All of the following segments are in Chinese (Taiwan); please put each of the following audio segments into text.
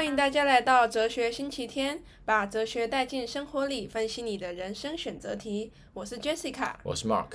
歡迎大家來到哲學星期天，把哲學帶進生活裡，分析你的人生選擇題。我是 Jessica，我是 Mark。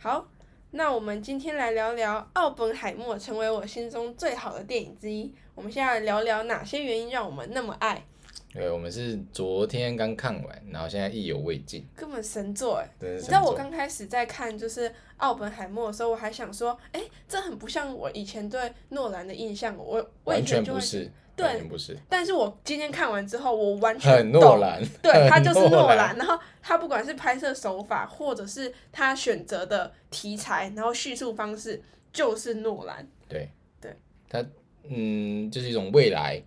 好，那我們今天來聊聊《奧本海默》成為我心中最好的電影之一。我們現在來聊聊哪些原因讓我們那麼愛。對，我們是昨天剛看完，然後現在意猶未盡。根本神作哎、欸！你知道我剛開始在看就是《奧本海默》的時候，我還想說，哎、欸，這很不像我以前對諾蘭的印象。我我以前就會完全不是對不是，但是，我今天看完之後，我完全很諾蘭。對，他就是諾蘭。然後他不管是拍攝手法， 或者是他選擇的題材，然後敘述方式，就是諾蘭。對對，他嗯，就是一種未來，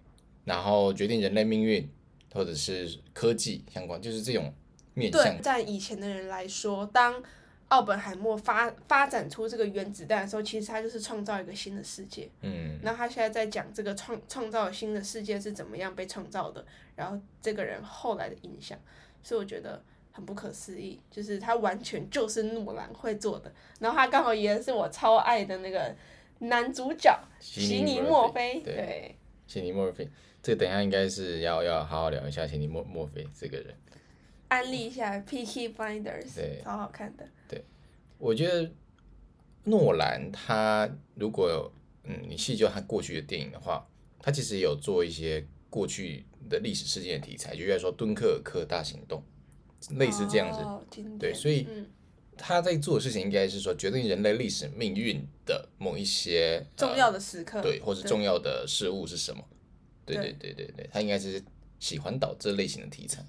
然後決定人類命運，或者是科技相關，就是這種面向。對，在以前的人來說，當奧本海默發發展出這個原子彈的時候，其實他就是創造一個新的世界。嗯。那他現在在講這個創創造新的世界是怎麼樣被創造的，然後這個人後來的影響，所以我覺得很不可思議，就是他完全就是諾蘭會做的。然後他剛好也是我超愛的那個男主角西尼莫菲，對，西尼莫菲。這等一下應該是要要好好聊一下，席尼墨墨菲這個人，安利一下《嗯、Peaky Blinders》，超好看的。對，我覺得諾蘭他如果有嗯，你細究他過去的電影的話，他其實有做一些過去的歷史事件的題材，就比、是、如說《敦刻爾克大行動》，類似這樣子。哦，對，對，所以他在做的事情應該是說決定人類歷史命運的某一些、嗯、重要的時刻，對，或是重要的事物是什麼。對對對對對，他應該是喜歡導這類型的題材。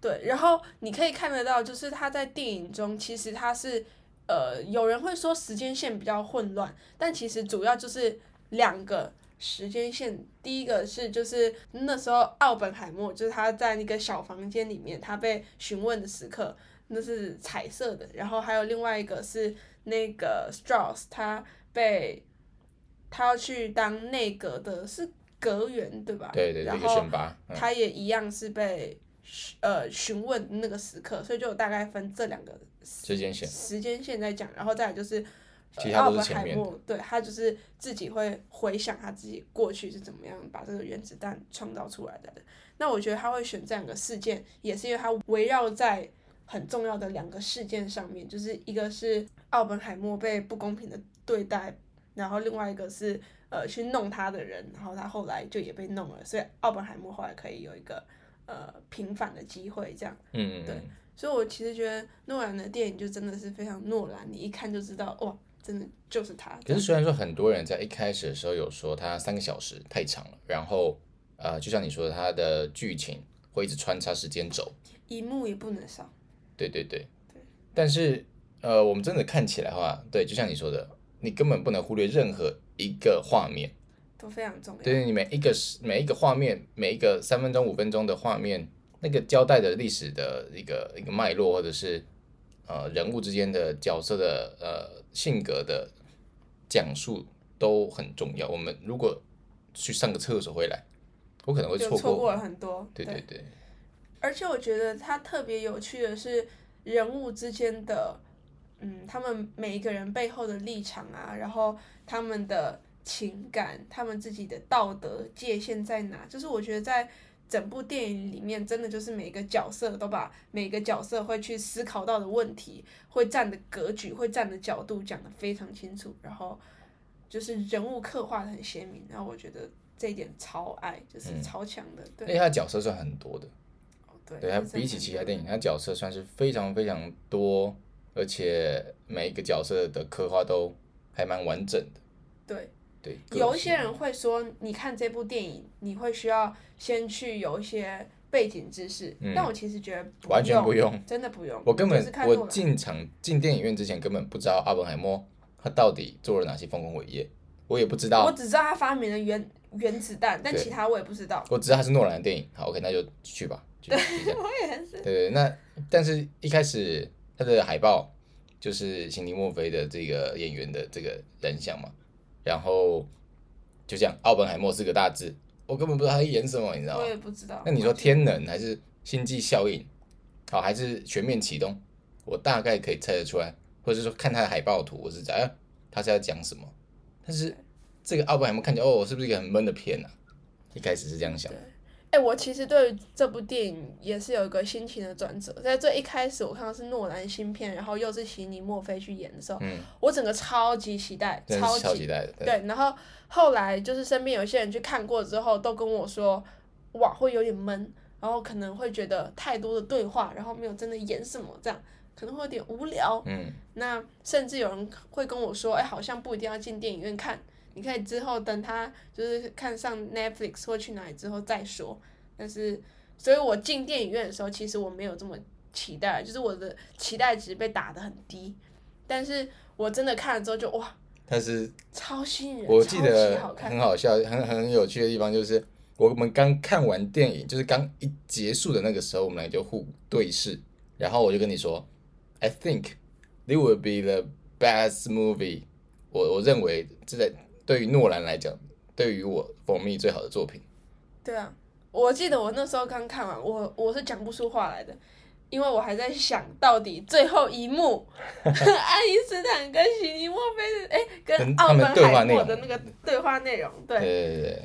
對，然後你可以看得到，就是他在電影中，其實他是，呃，有人會說時間線比較混亂，但其實主要就是兩個時間線。第一個是就是那時候奧本海默，就是他在那個小房間裡面，他被詢問的時刻，那是彩色的。然後還有另外一個是那個 Strauss，a 他被他要去當內閣的是。德緣對吧？對對對，然後他也一樣是被、嗯、呃詢問那個時刻，所以就大概分這兩個時、時間線時間線在講，然後再來就是，其他是奧本海默，對他就是自己會回想他自己過去是怎麼樣把這個原子彈創造出來的。那我覺得他會選這兩個事件，也是因為他圍繞在很重要的兩個事件上面，就是一個是奧本海默被不公平的對待，然後另外一個是。呃，去弄他的人，然後他後來就也被弄了，所以奧本海默後來可以有一個呃平反的機會，這樣，嗯，嗯，對，所以我其實覺得諾蘭的電影就真的是非常諾蘭，你一看就知道，哇，真的就是他。可是雖然說很多人在一開始的時候有說他三個小時太長了，然後呃，就像你說，他的劇情會一直穿插時間軸，一幕也不能少。對對對，對。但是呃，我們真的看起來的話，對，就像你說的，你根本不能忽略任何。一個畫面都非常重要，對，你一每一個是每一個畫面，每一個三分鐘五分鐘的畫面，那個交代的歷史的一個一個脈絡，或者是呃人物之間的角色的呃性格的講述都很重要。我們如果去上個廁所回來，我可能會錯過錯過了很多。對對對，對而且我覺得它特別有趣的是人物之間的。嗯，他們每一個人背後的立場啊，然後他們的情感，他們自己的道德界限在哪？就是我覺得在整部電影裡面，真的就是每個角色都把每個角色會去思考到的問題，會站的格局，會站的、的角度講得非常清楚，然後就是人物刻畫得很鮮明。然後我覺得這一點超愛，就是超強的。那、嗯、他角色算很多的，哦、對，他比起其他電影，嗯、他角色算是非常非常多。而且每一個角色的刻畫都還蠻完整的。對對，有一些人會說，你看這部電影，你會需要先去有一些背景知識。嗯、但我其實覺得完全不用，真的不用。我根本我進場進電影院之前根本不知道奧本海默他到底做了哪些豐功偉業，我也不知道。我只知道他發明了原原子彈，但其他我也不知道。我知道他是諾蘭的電影，好，OK，那就去吧。去對， 我也是。對對，那但是一開始他的海報。就是《席尼墨菲》的這個演員的這個人像嘛，然後就這樣，奧本海默四個大字，我根本不知道他演什麼，你知道嗎？我也不知道。那你說天能還是星際效應，好還是全面啟動？我大概可以猜得出來，或者是說看他的海報圖，我是講、啊、他是要講什麼。但是這個奧本海默看起來，哦，我是不是一個很悶的片啊？一開始是這樣想的。哎、欸，我其實對這部電影也是有一個心情的轉折。在最一開始，我看到是諾蘭新片，然後又是席尼莫菲去演的，時候、嗯，我整個超級期待，超級超期待對，對，然後後來就是身邊有些人去看過之後，都跟我說，哇，會有點悶，然後可能會覺得太多的對話，然後沒有真的演什麼，這樣可能會有點無聊。嗯，那甚至有人會跟我說，哎、欸，好像不一定要進電影院看。你可以之後等他就是看上 Netflix 或去哪裡之後再說。但是，所以我進電影院的時候，其實我沒有這麼期待，就是我的期待值被打得很低。但是我真的看了之後就哇，但是超吸引人我。我記得很好笑，很很有趣的地方就是，我們剛看完電影，就是剛一結束的那個時候，我們倆就互對視，然後我就跟你說，I think this would be the best movie，我我認為真在。對於諾蘭來講，對於我蜂蜜最好的作品。對啊，我記得我那時候剛看完，我我是講不出話來的，因為我還在想到底最後一幕， 愛因斯坦跟席尼墨菲，哎，跟奧本海默的那個對話內容。對， 對，對對對，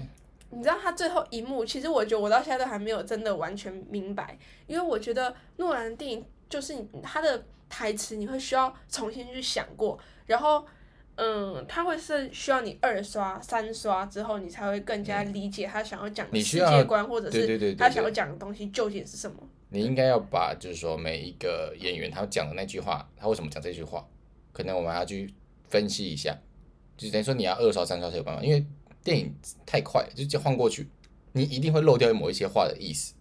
你知道他最後一幕，其實我覺得我到現在都還沒有真的完全明白，因為我覺得諾蘭的電影就是他的台詞，你會需要重新去想過，然後。嗯，他會是需要你二刷、三刷之後，你才會更加理解他想要講的世界觀，對對對對，或者是他想要講的東西究竟是什麼。你應該要把就是說每一個演員他講的那句話，他為什麼講這句話，可能我們要去分析一下。就等於說你要二刷、三刷才有辦法，因為電影太快，就就晃過去，你一定會漏掉某一些話的意思。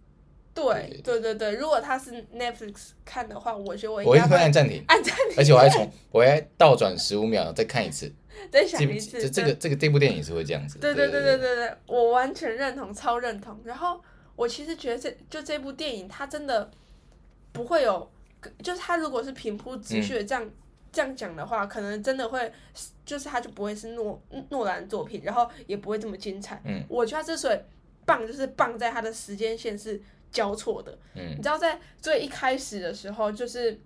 對對對對，對對對，如果他是 Netflix 看的話，對對對，我覺得我應該會按暫停，按暫停，而且我還從 我還倒轉十五秒再看一次， 再想一次。這這個這個這部電影是會這樣子。對對對對對，對對對對，我完全認同，超認同。然後我其實覺得這就這部電影，它真的不會有，就是它如果是平鋪直敘的這樣、嗯、這樣講的話，可能真的會，就是它就不會是諾諾蘭的作品，然後也不會這麼精彩。嗯，我覺得它之所以棒，就是棒在它的時間線是。交錯的，嗯、你知道，在最一開始的時候，就是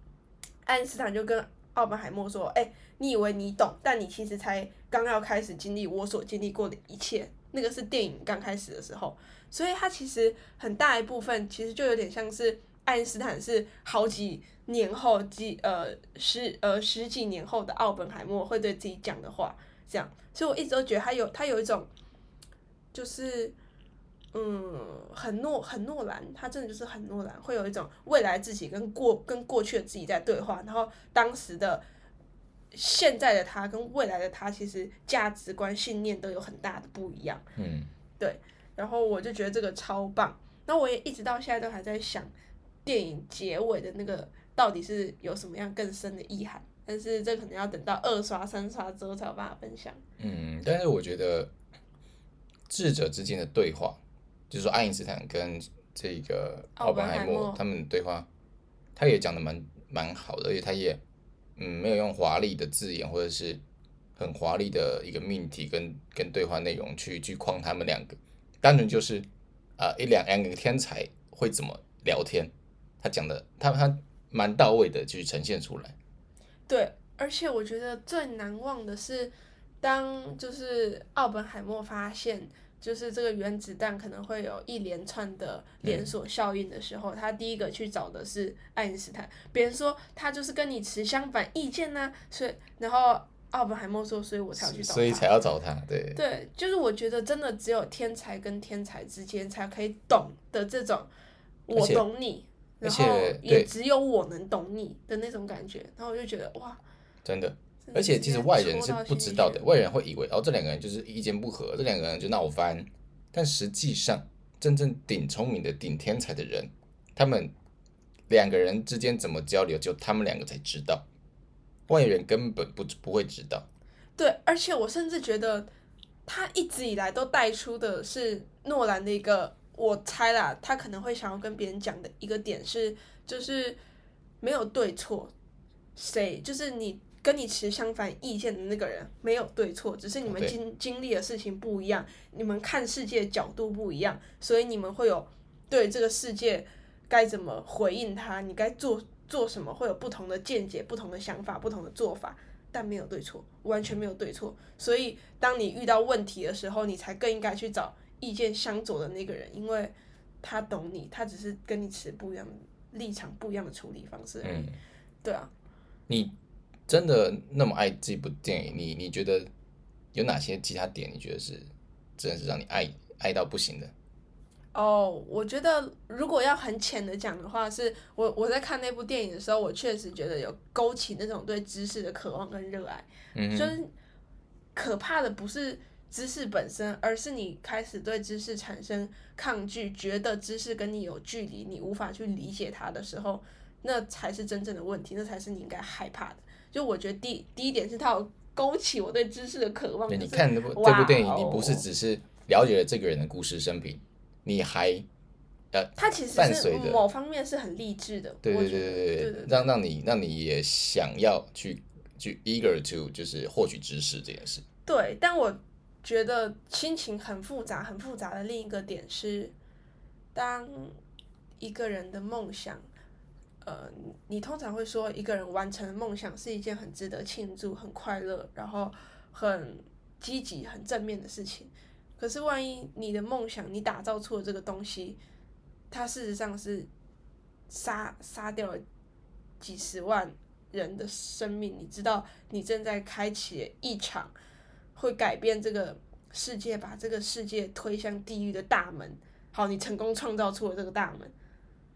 愛因斯坦就跟奧本海默說：“哎、欸，你以為你懂，但你其實才剛要開始經歷我所經歷過的一切。”那個是電影剛開始的時候，所以他其實很大一部分其實就有點像是愛因斯坦是好幾年後幾呃十呃十幾年後的奧本海默會對自己講的話，這樣。所以我一直都覺得他有他有一種就是。嗯，很諾很諾蘭，他真的就是很諾蘭，會有一種未來自己跟過跟過去的自己在對話，然後當時的現在的他跟未來的他其實價值觀信念都有很大的不一樣。嗯，對。然後我就覺得這個超棒，那我也一直到現在都還在想電影結尾的那個到底是有什麼樣更深的意涵，但是這可能要等到二刷三刷之後才有辦法分享。嗯，但是我覺得智者之間的對話。就是說，愛因斯坦跟這個奧本海默他們對話，他也講的蠻蠻好的，而且他也嗯沒有用華麗的字眼或者是很華麗的一個命題跟跟對話內容去去框他們兩個，單純就是啊、呃、一兩兩個天才會怎麼聊天，他講的他他蠻到位的去呈現出來。對，而且我覺得最難忘的是，當就是奧本海默發現，就是這個原子彈可能會有一連串的連鎖效應的時候，嗯，他第一個去找的是愛因斯坦。別人說他就是跟你持相反意見呢，啊，所以然後奧本海默說，所以我才要去找他，所以才要找他對。對，就是我覺得真的只有天才跟天才之間才可以懂的這種，我懂你而且，然後也只有我能懂你的那種感覺。然後，感覺然後我就覺得哇，真的。而且其實外人是不知道的，外人會以為哦，這兩個人就是意見不合，這兩個人就鬧翻。但實際上，真正頂聰明的、頂天才的人，他們兩個人之間怎麼交流，只有他們兩個才知道，外人根本不不會知道。對，而且我甚至覺得他一直以來都帶出的是諾蘭的一個，我猜啦，他可能會想要跟別人講的一個點是，就是沒有對錯，誰，就是你。跟你持相反意見的那個人沒有對錯，只是你們經經歷的事情不一樣，你們看世界的角度不一樣，所以你們會有對這個世界該怎麼回應他，你該做做什麼會有不同的見解、不同的想法、不同的做法，但沒有對錯，完全沒有對錯。所以當你遇到問題的時候，你才更應該去找意見相左的那個人，因為他懂你，他只是跟你持不一樣立場、不一樣的處理方式而已、嗯、對啊，你。真的那麼愛這部電影？你你覺得有哪些其他點？你覺得是真的是讓你愛愛到不行的？哦、Oh,，我覺得如果要很淺的講的話，是我我在看那部電影的時候，我確實覺得有勾起那種對知識的渴望跟熱愛。嗯、Mm-hmm.，就是可怕的不是知識本身，而是你開始對知識產生抗拒，覺得知識跟你有距離，你無法去理解它的時候，那才是真正的問題，那才是你應該害怕的。就我覺得第一第一點是他有勾起我對知識的渴望。你看，就是，這部電影，你不是只是了解了這個人的故事生平，哦、你還呃，它其實伴隨着他其實某方面是很勵志的。對對對對對，讓讓你讓你也想要去去 eager to 就是獲取知識這件事。對，但我覺得心情很複雜，很複雜的另一個點是，當一個人的夢想。呃，你通常會說一個人完成夢想是一件很值得慶祝、很快樂，然後很積極、很正面的事情。可是，萬一你的夢想，你打造出了這個東西，它事實上是殺殺掉了幾十萬人的生命。你知道，你正在開啟一場會改變這個世界、把這個世界推向地獄的大門。好，你成功創造出了這個大門，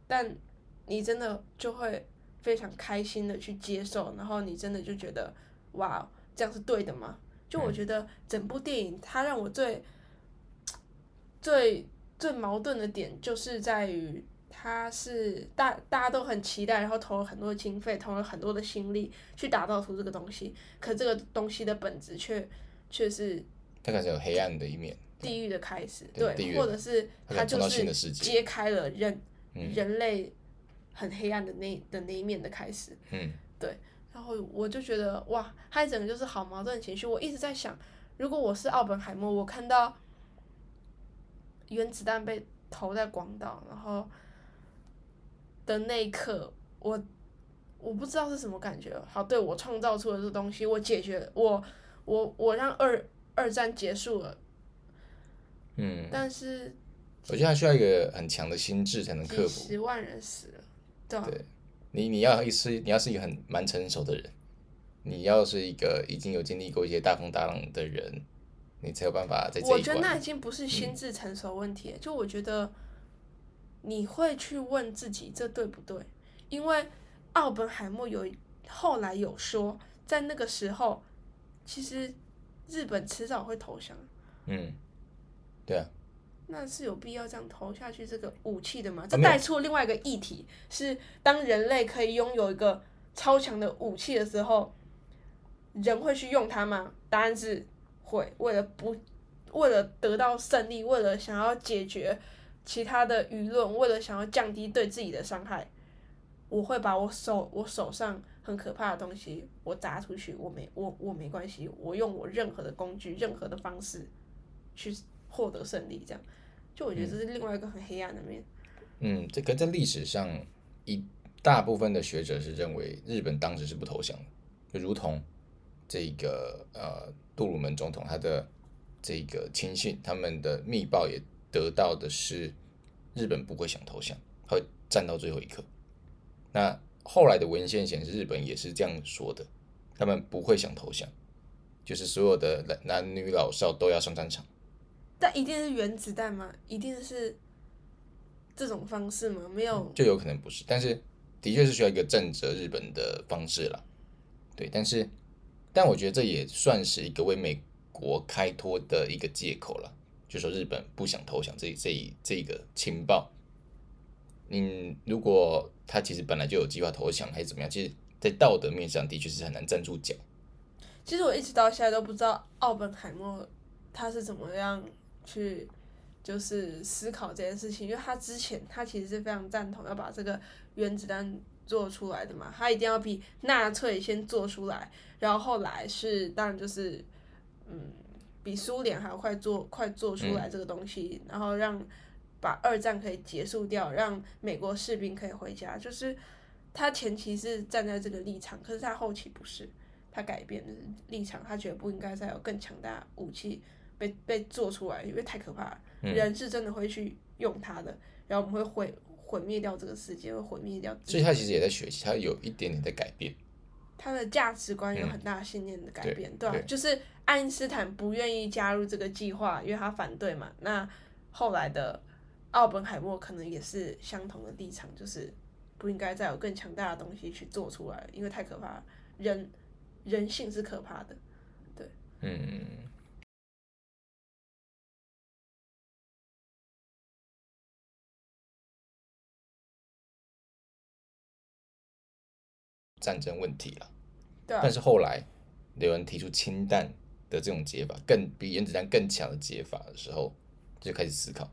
但。你真的就會非常開心的去接受，然後你真的就覺得哇，這樣是對的嗎？就我覺得整部電影它讓我最最最矛盾的點就是在於，它是大大家都很期待，然後投了很多經費，投了很多的心力去打造出這個東西，可這個東西的本質卻卻是它開始有黑暗的一面，地獄的開始，嗯對啊，對，或者是它就是揭開了人人類。很黑暗的那的那一面的開始，嗯，對。然後我就覺得哇，他一整個就是好矛盾的情緒。我一直在想，如果我是奧本海默，我看到原子彈被投在廣島，然後的那一刻，我我不知道是什麼感覺。好，對，我創造出了這東西，我解決，我我我讓二二戰結束了，嗯，但是我覺得還需要一個很強的心智才能克服，十萬人死了。對，啊、對，你你要一，你要是一個很蠻成熟的人，你要是一個已經有經歷過一些大風大浪的人，你才有辦法再。我覺得那已經不是心智成熟問題了、嗯，就我覺得你會去問自己這對不對，因為奧本海默有後來有說，在那個時候其實日本遲早會投降。嗯，對啊。那是有必要這樣投下去這個武器的嗎？這帶出另外一個議題是：當人類可以擁有一個超強的武器的時候，人會去用它嗎？答案是會。為了不為了得到勝利，為了想要解決其他的輿論，為了想要降低對自己的傷害，我會把我手我手上很可怕的東西我砸出去。我沒我我沒關係，我用我任何的工具任何的方式去。獲得勝利，這樣，就我覺得這是另外一個很黑暗的面。嗯，嗯、這個在歷史上，一大部分的學者是認為日本當時是不投降的，就如同這個呃杜魯門總統他的這個親信，他們的密報也得到的是日本不會想投降，會戰到最後一刻。那後來的文獻顯示，日本也是這樣說的，他們不會想投降，就是所有的男男女老少都要上戰場。但一定是原子彈嗎？一定是這種方式嗎？沒有，嗯、就有可能不是。但是，的確是需要一個震懾日本的方式了。對，但是，但我覺得這也算是一個為美國開脫的一個借口了。就是、說日本不想投降，這、這、這一個情報，嗯，如果他其實本來就有計劃投降，還是怎麼樣？其實，在道德面上，的確是很難站住腳。其實我一直到現在都不知道奧本海默他是怎麼樣去就是思考這件事情，因為他之前他其實是非常贊同要把這個原子彈做出來的嘛，他一定要比納粹先做出來，然後後來是當然就是嗯比蘇聯還要快做快做出來這個東西，嗯、然後讓把二戰可以結束掉，讓美國士兵可以回家。就是他前期是站在這個立場，可是他後期不是，他改變的立場，他覺得不應該再有更強大武器。被被做出來，因為太可怕了，嗯，人是真的會去用它的，然後我們會毀毀滅掉這個世界，會毀滅掉自己。所以他其實也在學習，他有一點點的改變，他的價值觀有很大的信念的改變，嗯、對、對、對啊，就是愛因斯坦不願意加入這個計劃，因為他反對嘛。那後來的奧本海默可能也是相同的立場，就是不應該再有更強大的東西去做出來，因為太可怕了，人人性是可怕的，對，嗯嗯。戰爭問題了，對、啊。但是後來有人提出氫彈的這種解法，更比原子彈更強的解法的時候，就開始思考：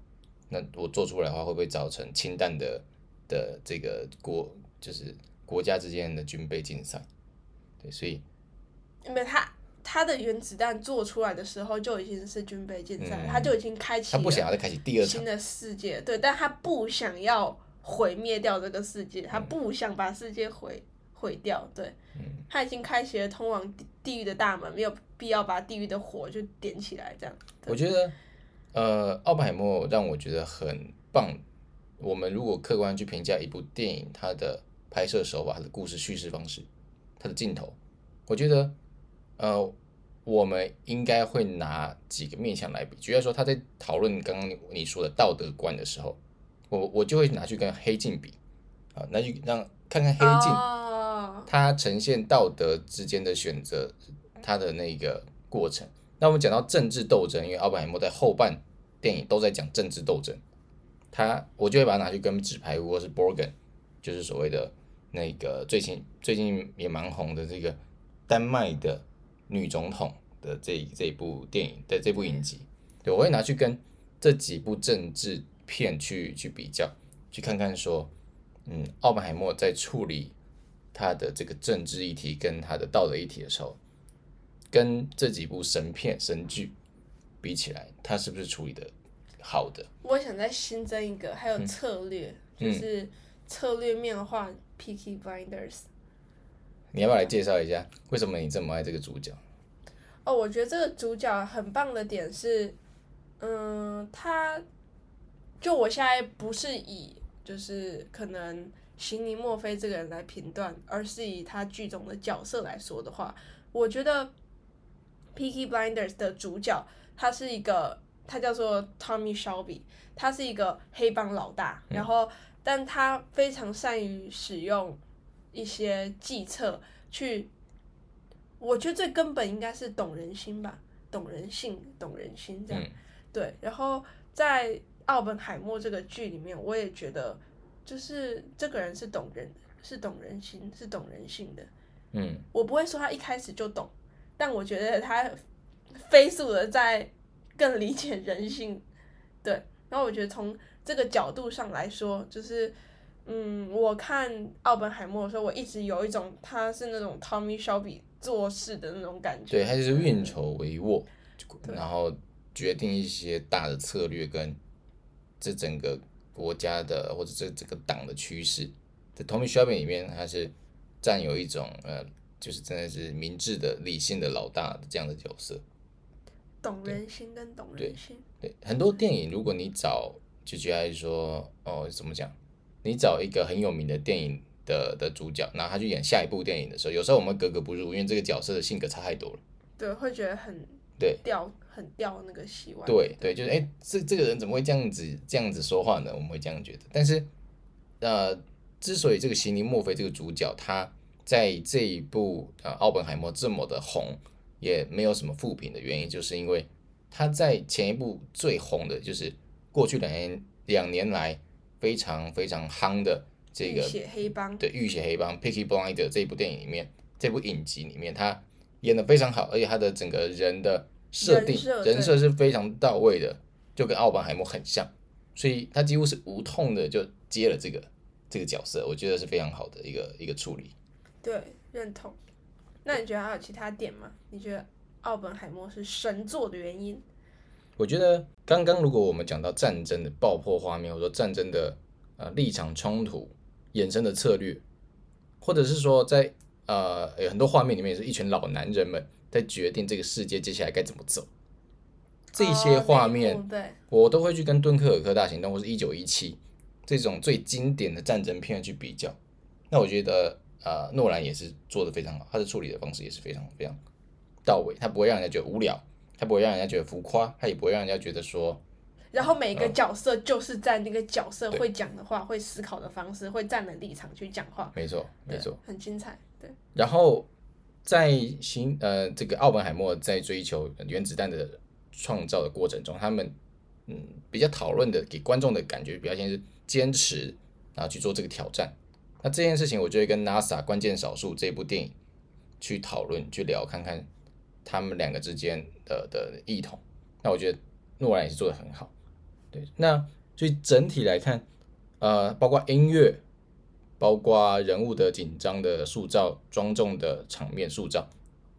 那我做出來的話，會不會造成氫彈的的這個國，就是國家之間的軍備競賽？對，所以因為他他的原子彈做出來的時候就已經是軍備競賽，他、嗯、就已經開啟，他不想要再開啟第二新的世界，對，但他不想要毀滅掉這個世界，他不想把世界毀。嗯毀掉，對，嗯，他已經開啟了通往地獄的大門，嗯，沒有必要把地獄的火就點起來，這樣。我覺得，呃，奧本海默讓我覺得很棒。我們如果客觀去評價一部電影，它的拍攝手法、它的故事敘事方式、它的鏡頭，我覺得，呃，我們應該會拿幾個面向來比。主要說，他在討論剛剛你說的道德觀的時候，我我就會拿去跟《黑鏡》比，啊，呃，那就讓看看《黑鏡》，哦。他呈現道德之間的選擇，他的那個過程。那我們講到政治鬥爭，因為奧本海默在後半電影都在講政治鬥爭，他我就會把它拿去跟紙牌屋或是 Borgen 就是所謂的那個最近最近也蠻紅的這個丹麥的女總統的這這部電影的這部影集，對，我會拿去跟這幾部政治片去去比較，去看看說，嗯，奧本海默在處理。他的這個政治議題跟他的道德議題的時候，跟這幾部神片神劇比起來，他是不是處理的好的？我想再新增一個，還有策略，嗯、就是策略面的話 Peaky Blinders、嗯、你要不要來介紹一下為什麼你這麼愛這個主角？哦，我覺得這個主角很棒的點是，嗯，他，就我現在不是以就是可能。席尼墨菲這個人來評斷，而是以他劇中的角色來說的話，我覺得《Peaky Blinders》的主角他是一個，他叫做 Tommy Shelby，他是一個黑幫老大，嗯、然後但他非常善於使用一些計策去。我覺得最根本應該是懂人心吧，懂人性，懂人心這樣。嗯、對，然後在《奧本海默》這個劇裡面，我也覺得。就是這個人是懂人，是懂人心，是懂人性的。嗯，我不會說他一開始就懂，但我覺得他飛速的在更理解人性。對，然後我覺得從這個角度上來說，就是嗯，我看奧本海默的時候，我一直有一種他是那種 Tommy Shelby 做事的那種感覺。對，他就是運籌帷幄，嗯，然後決定一些大的策略跟這整個。國家的或者這這個黨的趨勢，在《Tommy Shelby》裡面，還是佔有一種呃，就是真的是明智的、理性的老大的這樣的角色，懂人心跟懂人心。對，對，對很多電影，如果你找，就覺得說，哦，怎麼講？你找一個很有名的電影的的主角，然後他去演下一部電影的時候，有時候我們格格不入，因為這個角色的性格差太多了。對，會覺得很。對，掉很掉那個戲外。對對，對，就是哎，這這個人怎麼會這樣子這樣子說話呢？我們會這樣覺得。但是，呃，之所以這個席尼墨菲這個主角他在這一部呃《奧本海默》這麼的紅，也沒有什麼負評的原因，就是因為他在前一部最紅的就是過去兩年兩年來非常非常夯的這個《浴血黑幫》的《浴血黑幫》《Peaky Blinders》這部電影裡面，這部影集裡面他。演得非常好，而且他的整個人的設定人設，人設是非常到位的，就跟奧本海默很像，所以他幾乎是無痛的就接了這個這個角色，我覺得是非常好的一個一個處理。對，認同。那你覺得還有其他點嗎？你覺得奧本海默是神作的原因？我覺得剛剛如果我們講到戰爭的爆破畫面，或者說戰爭的呃立場衝突衍生的策略，或者是說在。呃，有很多畫面裡面也是一群老男人們在決定這個世界接下來該怎麼走。這些畫面，哦、對我都會去跟《敦刻爾克大行動》或者《一九一七》這種最經典的戰爭片去比較。那我覺得，呃，諾蘭也是做的非常好，他的處理的方式也是非常非常好到位。他不會讓人家覺得無聊，他不會讓人家覺得浮誇，他也不會讓人家覺得說。然後每個角色就是在那個角色會講的話，會思考的方式，會站的立場去講話。沒錯，沒錯，很精彩。然後，在新呃這個奧本海默在追求原子彈的創造的過程中，他們嗯比較討論的給觀眾的感覺，比較先是堅持，然後、啊、去做這個挑戰。那這件事情，我就會跟 NASA 關鍵少數這部電影去討論去聊，看看他們兩個之間的的異同。那我覺得諾蘭也是做得很好。對，那所以整體來看，呃，包括音樂。包括人物的緊張的塑造、莊重的場面塑造，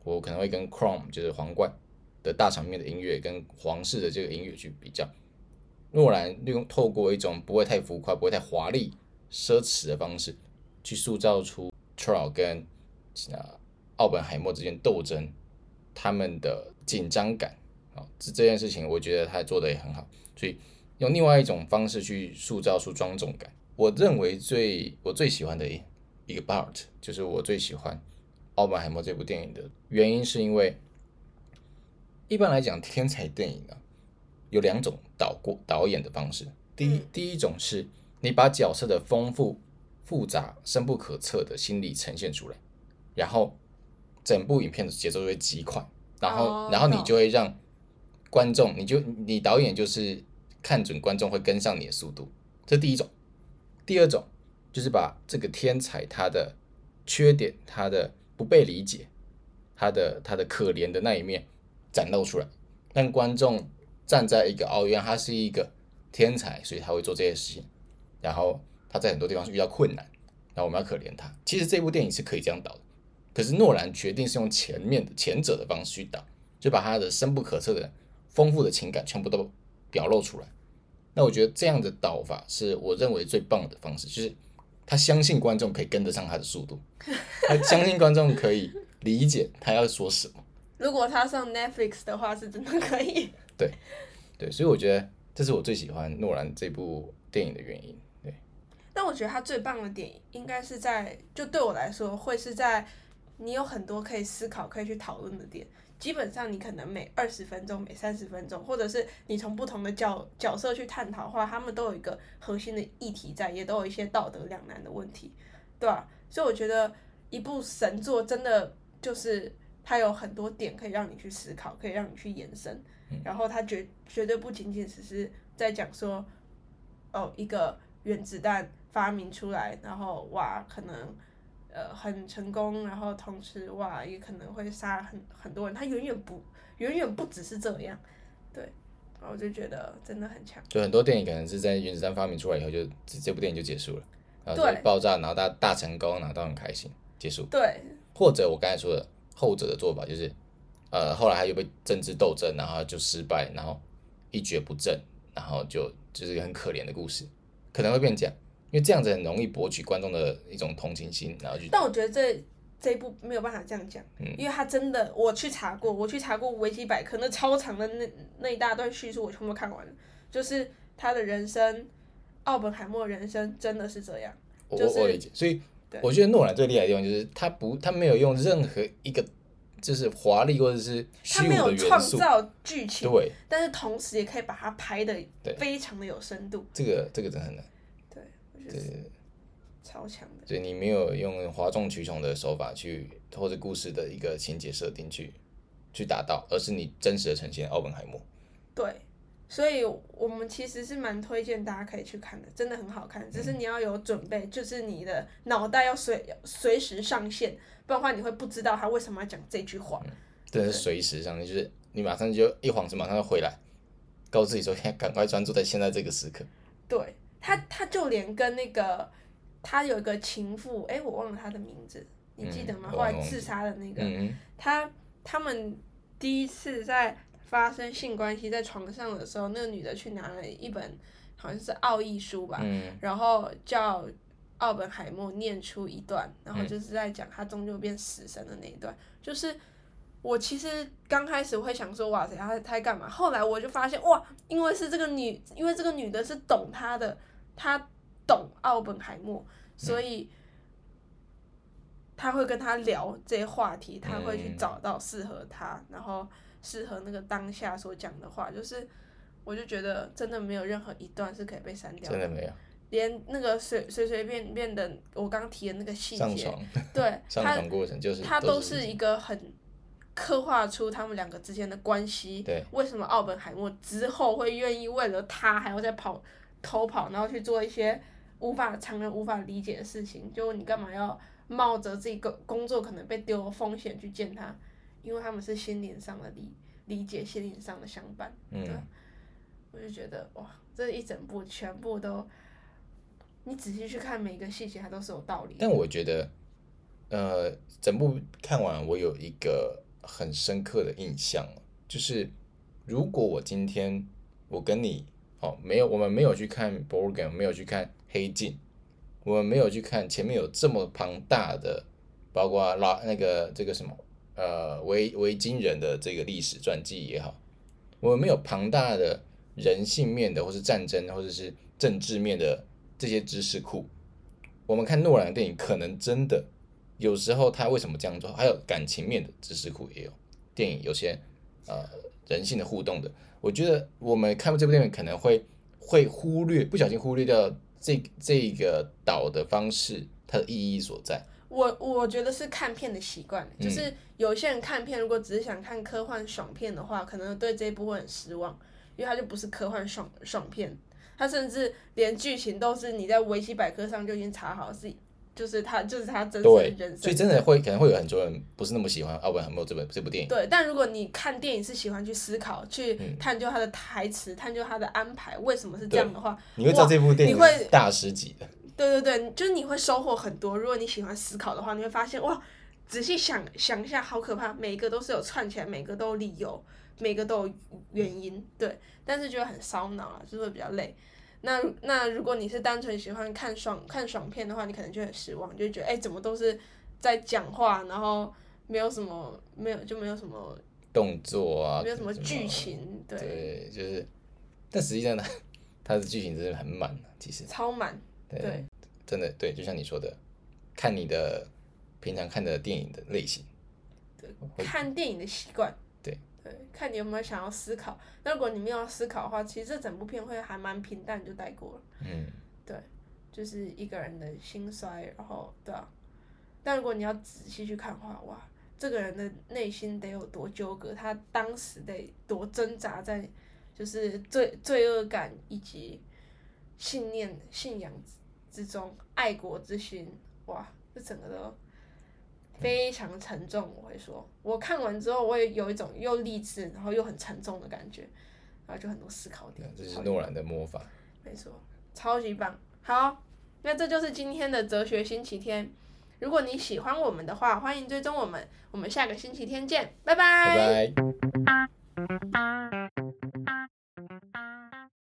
我可能會跟《Crown》就是《皇冠》的大場面的音樂跟皇室的這個音樂去比較。諾蘭用透過一種不會太浮誇、不會太華麗、奢侈的方式，去塑造出 Troll 跟啊奧本海默之間鬥爭他們的緊張感。啊、哦，這這件事情我覺得他做的也很好，所以用另外一種方式去塑造出莊重感。我認為最我最喜歡的一一個 part，就是我最喜歡《奧本海默》這部電影的原因，是因為一般來講，天才電影啊，有兩種導過導演的方式。嗯。第一，第一種是你把角色的豐富、複雜、深不可測的心理呈現出來，然後整部影片的節奏就會極快，然後，Oh, no. 然後你就會讓觀眾，你就你導演就是看準觀眾會跟上你的速度，這第一種。第二種就是把這個天才他的缺點、他的不被理解、他的他的可憐的那一面展露出來，讓觀眾站在一個，哦，原來，他是一個天才，所以他會做這些事情，然後他在很多地方是遇到困難，然後我們要可憐他。其實這部電影是可以這樣導的，可是諾蘭決定是用前面的前者的方式去導，就把他的深不可測的豐富的情感全部都表露出來。那我覺得這樣的導法是我認為最棒的方式，就是他相信觀眾可以跟得上他的速度， 他相信觀眾可以理解他要說什麼。如果他上 Netflix 的話，是真的可以。對，對，所以我覺得這是我最喜歡諾蘭這部電影的原因。對，但我覺得他最棒的點應該是在，就對我來說會是在你有很多可以思考、可以去討論的點。基本上你可能每二十分鐘、每三十分鐘，或者是你從不同的角角色去探討的話，他們都有一個核心的議題在，也都有一些道德兩難的問題，對吧、啊？所以我覺得一部神作真的就是它有很多點可以讓你去思考，可以讓你去延伸。然後它絕絕對不僅僅只是在講說，哦，一個原子彈發明出來，然後哇，可能。呃，很成功，然後同時哇，也可能會殺很很多人，他遠遠不遠遠不只是這樣，對，然後我就覺得真的很強。就很多電影可能是在原子彈發明出來以後就，就這部電影就結束了，然後就爆炸，然後大大成功，然後都很開心結束。對。或者我剛才說的，後者的做法就是，呃，後來他又被政治鬥爭，然後就失敗，然後一蹶不振，然後就就是一個很可憐的故事，可能會變這樣。因為這樣子很容易博取觀眾的一種同情心，然後去。但我覺得這這一部沒有辦法這樣講。嗯，因為他真的，我去查過，我去查過維基百科，那超長的那那一大段敘述，我全部看完。就是他的人生，奧本海默的人生真的是這樣。就是，我我，我理解。所以我覺得諾蘭最厲害的地方就是他不，他沒有用任何一個就是華麗或者是虛無的元素。他沒有創造劇情。對。但是同時也可以把它拍得非常的有深度。這個這個真的很難。對，所以你沒有用嘩眾取寵的手法去，拖着故事的一個情節設定，去去達到，而是你真實的呈現奧本海默。對，所以我們其實是蠻推薦大家可以去看的，真的很好看。只是你要有準備，嗯、就是你的腦袋要隨隨時上線，不然的話你會不知道他為什麼要講這句話。嗯、真的是隨時上線，就是你馬上就一晃就馬上要回來，告訴自己說，趕快專注在現在這個時刻。對他，他就連跟那個。嗯他有一個情婦，哎、欸，我忘了他的名字，你記得嗎？嗯、後來自殺的那個，嗯、他他們第一次在發生性關係在床上的時候，那個女的去拿了一本好像是奧義書吧，嗯、然後叫奧本海默念出一段，然後就是在講他終究變死神的那一段，嗯、就是我其實剛開始會想說哇塞，他他在幹嘛？後來我就發現哇，因為是這個女，因為這個女的是懂他的，他。懂奧本海默、嗯，所以他會跟他聊這些話題，嗯、他會去找到適合他，嗯、然後適合那個當下所講的話。就是，我就覺得真的沒有任何一段是可以被刪掉的，真的沒有，連那個隨隨隨便便的我剛剛提的那個細節，對，上床過程就是他他都是一個很刻畫出他們兩個之間的關係。對，為什麼奧本海默之後會願意為了他還要再跑偷跑，然後去做一些？無法常人無法理解的事情，就你幹嘛要冒着這個工作可能被丟的風險去見他？因為他們是心靈上的理理解、心靈上的相伴。嗯，我就覺得哇，這一整部全部都，你仔細去看每個細節，它都是有道理。但我覺得，呃，整部看完我有一個很深刻的印象，就是如果我今天我跟你哦，沒有我們沒有去看《Borgen》，沒有去看。黑鏡，我們沒有去看前面有這麼龐大的，包括拉，那個這個什麼呃維維京人的這個歷史傳記也好，我們沒有龐大的人性面的，或是戰爭，或者是政治面的這些知識庫。我們看諾蘭的電影，可能真的有時候他為什麼這樣做？還有感情面的知識庫也有電影有些呃人性的互動的，我覺得我們看過這部電影，可能會會忽略不小心忽略掉。這這個導的方式，它的意義所在，我我覺得是看片的習慣，就是有些人看片，如果只是想看科幻爽片的話，可能對這一部會很失望，因為它就不是科幻爽爽片，它甚至連劇情都是你在維基百科上就已經查好是。就是他，就是他真實人生的，所以真的會可能會有很多人不是那麼喜歡《奧本海默》這部這部電影。對，但如果你看電影是喜歡去思考、去探究他的台詞、嗯、探究他的安排，為什麼是這樣的話，你會在這部電影大師級的。對對對，就是你會收穫很多。如果你喜歡思考的話，你會發現哇，仔細想想一下，好可怕，每個都是有串起來，每個都有理由，每個都有原因。對，但是就很燒腦、啊，就是會比較累。那那如果你是單純喜歡看爽看爽片的話，你可能就很失望，就覺得哎、欸、怎麼都是在講話，然後沒有什麼沒有就沒有什麼動作啊，沒有什麼劇情，對就是對對、就是、但實際上它他的劇情真的很滿其實 超滿，對，真的對，就像你說的，看你的平常看的電影的類型，對，看電影的習慣。看你有沒有想要思考。但如果你們要思考的話，其實這整部片會還蠻平淡就帶過了。嗯，對，就是一個人的興衰，然後對啊。但如果你要仔細去看的話，哇，這個人的內心得有多糾葛，他當時得多掙扎在就是罪罪惡感以及信念信仰之中，愛國之心，哇，這整個都。非常沉重，我會說，我看完之後，我也有一種又勵志，然後又很沉重的感覺，然後就很多思考點。這是諾蘭的魔法，沒錯，超級棒。好，那這就是今天的哲學星期天。如果你喜歡我們的話，歡迎追蹤我們，我們下個星期天見，拜拜。拜拜。